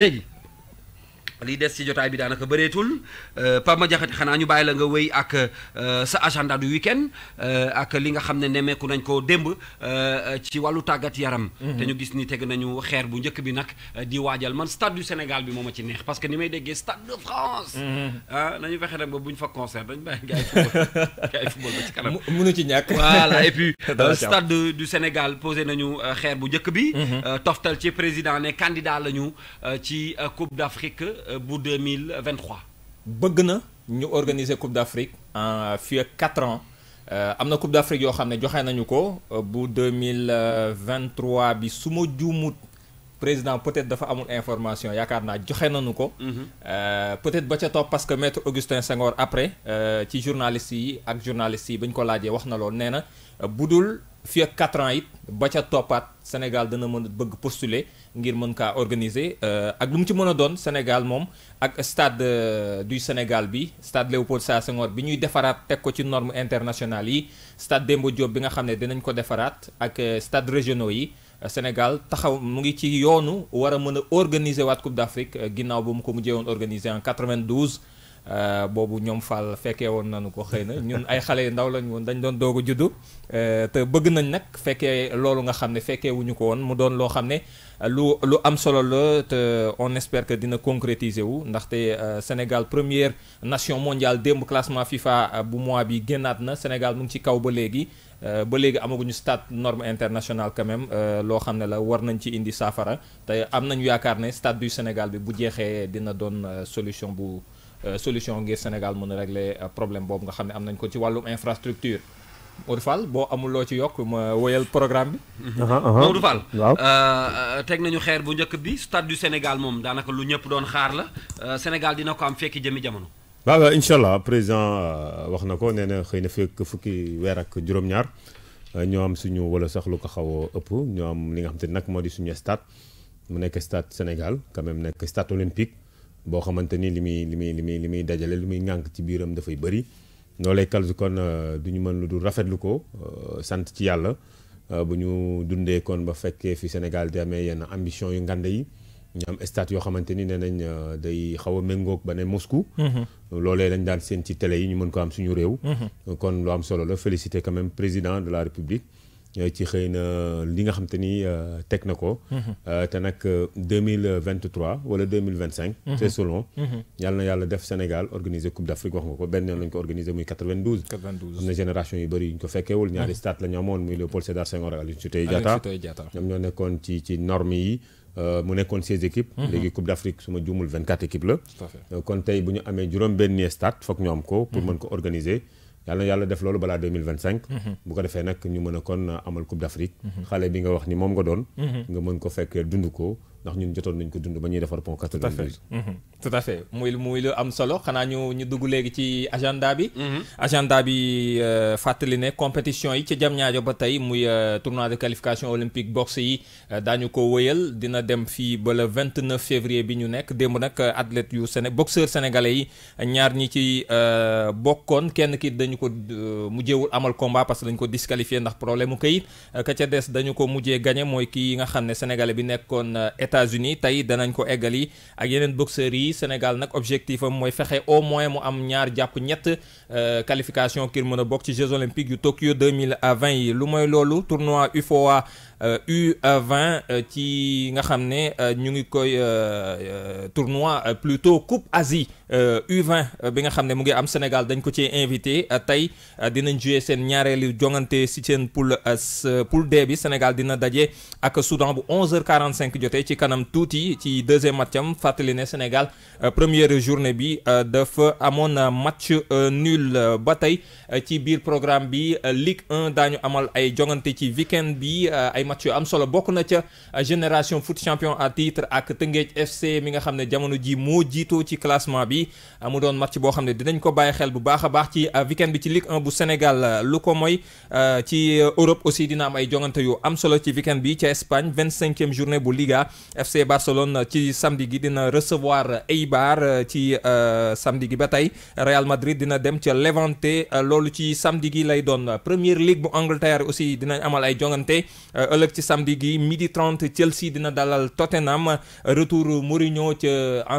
léegi li des ci jotaay bi daanaka bëreetul ma euh, Madiakhate xanaa ñu bàyyi la nga wéy ak euh, sa agenda du week-end euh, ak li nga xam ne nemmeeku nañ ko démb ci wàllu tàggat yaram. Mhm. te ñu gis ni teg nañu xeer bu njëkk bi nag di waajal man stade du Sénégal bi moom ma ci neex parce que ni may déggee stade de France. Mhm. ah nañu fexe nag ba buñ fa concert dañ bàyyi gars football gars football ci ñàkk. du Sénégal posé nañu xeer bu njëkk bi. Mhm. toftal ci président ne candidat lañu ci Coupe d'Afrique. Euh, bu deux mille vingt bëgg na ñu organiser Coupe d'Afrique en fii ak quatre ans euh, am na Coupe d'Afrique yoo xam ne joxe nañu ko euh, bu deux mille vingt trois bi su ma juumut président peut-être dafa amul information yaakaar naa joxe nañu ko. Mhm. peut-être ba ca topp parce que maître Augustin Senghor après ci journaliste yi ak journaliste yi bañ ko laajee wax na lool nee na budul. fii ak 4 ans it ba ca toppaat Sénégal dana mën a bëgg postuler ngir mën kaa organiser euh, ak lu mu ci mën a doon Sénégal moom ak stade euh, du Sénégal bi stade Léopold Sédar Senghor bi ñuy defaraat teg ko ci norme internationales yi stade Demba Diop bi nga xam ne dinañ ko defaraat ak euh, stade régionaux yi Sénégal taxaw mu ngi ci yoonu war a mën a organiser waat Coupe d'Afrique ginnaaw ba mu ko mujjee woon organiser en 92. Euh, boobu ñoom Fall fekkee woon nañu ko xëy na ñun ay xale yu ndaw lañ woon dañ doon doog a juddu euh, te bëgg nañ nag fekkee loolu nga xam ne fekkee wuñu ko woon mu doon loo xam ne euh, lu lu am solo la te on espère que dina concrétiser wu ndaxte Sénégal première nation mondiale démb classement FIFA bu mois bi génnaat na Sénégal mu ngi ci kaw ba léegi ba léegi amaguñu stade norme internationale quand même loo xam ne la war nañ ci indi saafara te am nañu yaakaar ne stade du Sénégal bi bu jeexee dina doon solution bu. Euh, solution ngir Sénégal mën a régler euh, problème boobu nga xam ne am nañ ko ci wàllu infrastructure Modou Fall boo amuloo ci yokk ma woyal programme bi. Uh-huh, uh-huh. Modou Fall. Euh, teg nañu xeer bu njëkk bi stade du Sénégal moom daanaka lu ñëpp doon xaar la Sénégal dina ko am fekki jëmi jamono. waaw incha allah président wax na ko nee xëy na fekk fukki weer ak juróom-ñaar ñoo am suñu wala sax lu ko xaw ëpp ñoo am li nga xam te nag moo di suñu stade mu nekk stade Sénégal quand même nekk stade olympique. boo xamante ni li muy li muy li muy li muy dajale lu muy ŋànk ci biiram dafay bëri loolee Kalzu kon euh, du ñu mën lu dul lu ko euh, sant ci yàlla euh, bu ñu dundee kon ba fekkee fi Sénégal di amee yenn ambition yu ngande yi ñu am stade yoo xamante ni nee nañ day xaw a méngoog ba ne Moscou mhm. loolee lañ daan seen ci télé yi ñu mën ko am suñu réew mhm. kon lu am solo la féliciter quand même président de la République Euh, ci xëy na euh, li nga xam te ni euh, teg na ko. Mhm. te nag deux mille vingt trois wala deux mille vingt cinq. Mhm. c'est selon. Mhm. yàlla na yàlla def Sénégal organiser Coupe d'Afrique wax nga ko benn yoon lañ ko organiser muy quatre vingt douze. quatre vingt douze am na génération yu bëri yu ñu ko fekkeewul ñaari stade la amoon muy Léopold Sédar Senghor ak Aline Sitoé Diatta ñoom ñoo nekkoon ci ci normes yi. mu nekkoon seize équipes. léegi Coupe d'Afrique su ma juumul vingt quatre équipes la. kon tey bu ñu amee juróom-benni benn stade foog ñu am ko. pour mën ko organiser. yàlla yàlla def loolu balaa mhm. bu ko defee nag ñu mën a kon amal Coupe d'Afrique. Mhm. xale bi nga wax ni moom nga doon. Mhm. nga mën ko fekk dund ko. ndax ñun jotoon nañ ko dund ba ñuy defar pont 92. tout à mhm. muy lu am solo xanaa ñu ñu dugg léegi ci agenda bi. Mhm. agenda bi euh, fàttali ne compétition yi ci ca Diamniadio ba tey muy euh, tournoi de qualification olympique boxe yi euh, daañu ko wëyal dina dem fii ba le 29 février bi ñu nekk démb nag athlètes yu Séné boxeurs sénégalais yi ñaar ñi ci bokkoon kenn ki dañu ko mujjeewul amal combat parce que dañu ko disqualifié ndax problème mu këyit ka ca des dañu ko mujjee gagné mooy kii nga xam ne États-Unis tey danañ ko eggali ak yeneen boxeurs yi Sénégal nag objectif am mooy fexe au moins mu am ñaar jàpp ñett euh, qualification ngir mën a bokk ci Jeux olympiques yu Tokyo 2020 yi lu mooy loolu tournoi UFOA U20 euh, euh, ci nga xam ne ñu ngi koy tournoi plutôt Coupe Asie U20 euh, euh, bi nga xam ne mu ngi am Sénégal dañ ko ci invité euh, tey dinañ jouer seen ñaareelu jongante si seen poule poule D bi Sénégal dina daje ak Soudan bu 11h45 jotee ci kanam tuuti ci deuxième matcham fàttali ne Sénégal première journée bi dafa amoon na match nul ba tey ci biir programme bi Ligue 1 daañu amal ay jongante ci weekend bi ay match yu am solo bokk na ca génération foot champion à titre ak Tëngéej FC mi nga xam ne jamono ji moo jiitoo ci classement bi. yi mu doon match boo xam ne dinañ ko bàyyi xel bu baax a baax ci euh, weekend bi ci Ligue 1 bu Sénégal euh, lu ko mooy euh, ci Europe aussi dina am ay jongante yu am solo ci weekend bi ca Espagne vingt-cinquième journée bu Liga FC Barcelone ci samedi gi dina recevoir Eibar ci samedi gi ba tey Real Madrid dina dem ca Levante loolu ci samedi gi lay doon Premier League bu Angleterre aussi dinañ amal ay jongante ëllëg ci samedi gi midi 30 Chelsea dina dalal Tottenham retour Mourinho ca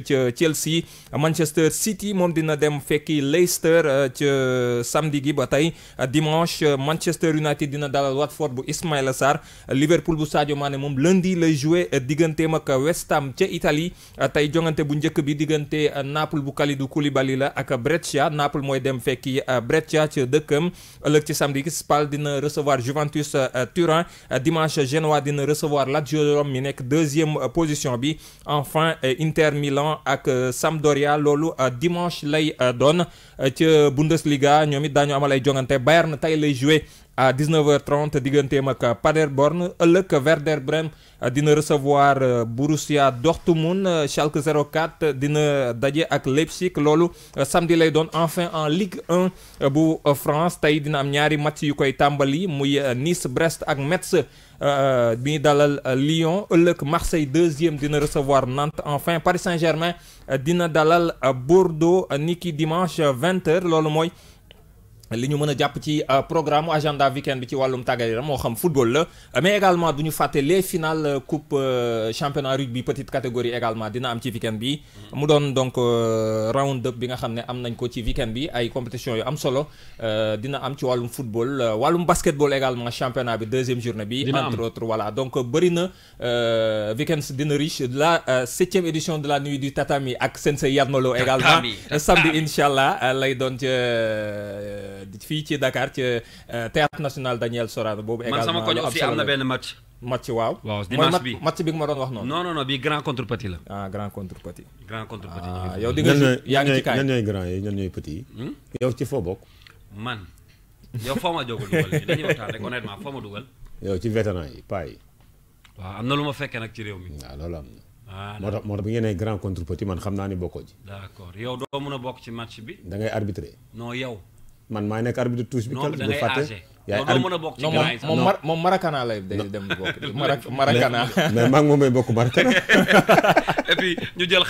ca Chelsea Manchester City moom dina dem fekki Leicester euh, ca euh, samedi gi ba tey euh, dimanche Manchester United dina dalal Watford bu Ismaïla Sarr Liverpool bu Sadio Mané moom lundi lay joué digganteem ak West Ham ca Italie tey jongante bu njëkk bi diggante Naples bu Kalidou Koulibaly la ak Brescia Naples mooy dem fekki Brescia ca dëkkam ëllëg ci samedi gi Spal dina recevoir Juventus Turin dimanche Genoa dina recevoir Lazio Rome mi nekk deuxième position bi enfin Inter Milan ak euh, Sampdoria loolu euh, dimanche lay euh, doon ca Bundesliga ñoom it daañu amal ay jongante na tey lay joué à 19h30 digganteem ak Paderborn ëllëg Werder Bremen euh, dina recevoir euh, Borussia Dortmund euh, Schalke 04 dina daje ak Leipzig loolu samedi lay doon enfin en Ligue un bu France tey dina am ñaari match yu koy tàmbali muy Nice Brest ak Metz bi ñu dalal Lyon ëllëg Marseille deuxième dina recevoir Nantes enfin Paris Saint-Germain dina dalal Bordeaux niki dimanche 20h loolu mooy. li ñu mën a jàpp ci euh, programme agenda weekend bi ci wàllum tàggat moo xam football la mais également du ñu fàtte les finales euh, coupe euh, championnat rugby petite catégorie également dina am ci weekend bi. Mm-hmm. mu doon donc round up bi nga xam ne am nañ ko ci weekend bi ay compétition yu am solo dina am ci wàllum football wàllum basketball également championnat bi deuxième journée bi. entre autres voilà donc bëri na weekend dina riche la septième édition de la nuit du tatami ak sensei Yarmalo également samedi incha allah lay doon fii ci Dakar ci eh, théâtre national Daniel Sorano boobu. également man sama koñ aussi am na benn match. match waaw. waaw dimanche bi match bi ma doon wax noonu. non non non bii grand contre petit la. ah grand contre grand contre petit ah, yow di nga. yaa ngi ci kaay ñan yi hmm? man yow foo ma jógul dugal bi dañuy waxtaan rek honnêtement foo yi paa yi. waaw am na lu ma fekkee nag ci réew mi. waaw ah, loolu am na. voilà ah, moo tax moo tax bu ngeen grand contre petit man xam naa ni bokkoo ji. d'accord yow doo mën a bokk ci match bi. da ngay arbitré. non man maa nekk arbitre touche bi. kal bu fàtte yaay ar a bokk ci gars yi moom moom Marakana lay day dem bokk Marakana mais maa ngi moom may bokk Marakana et ñu jël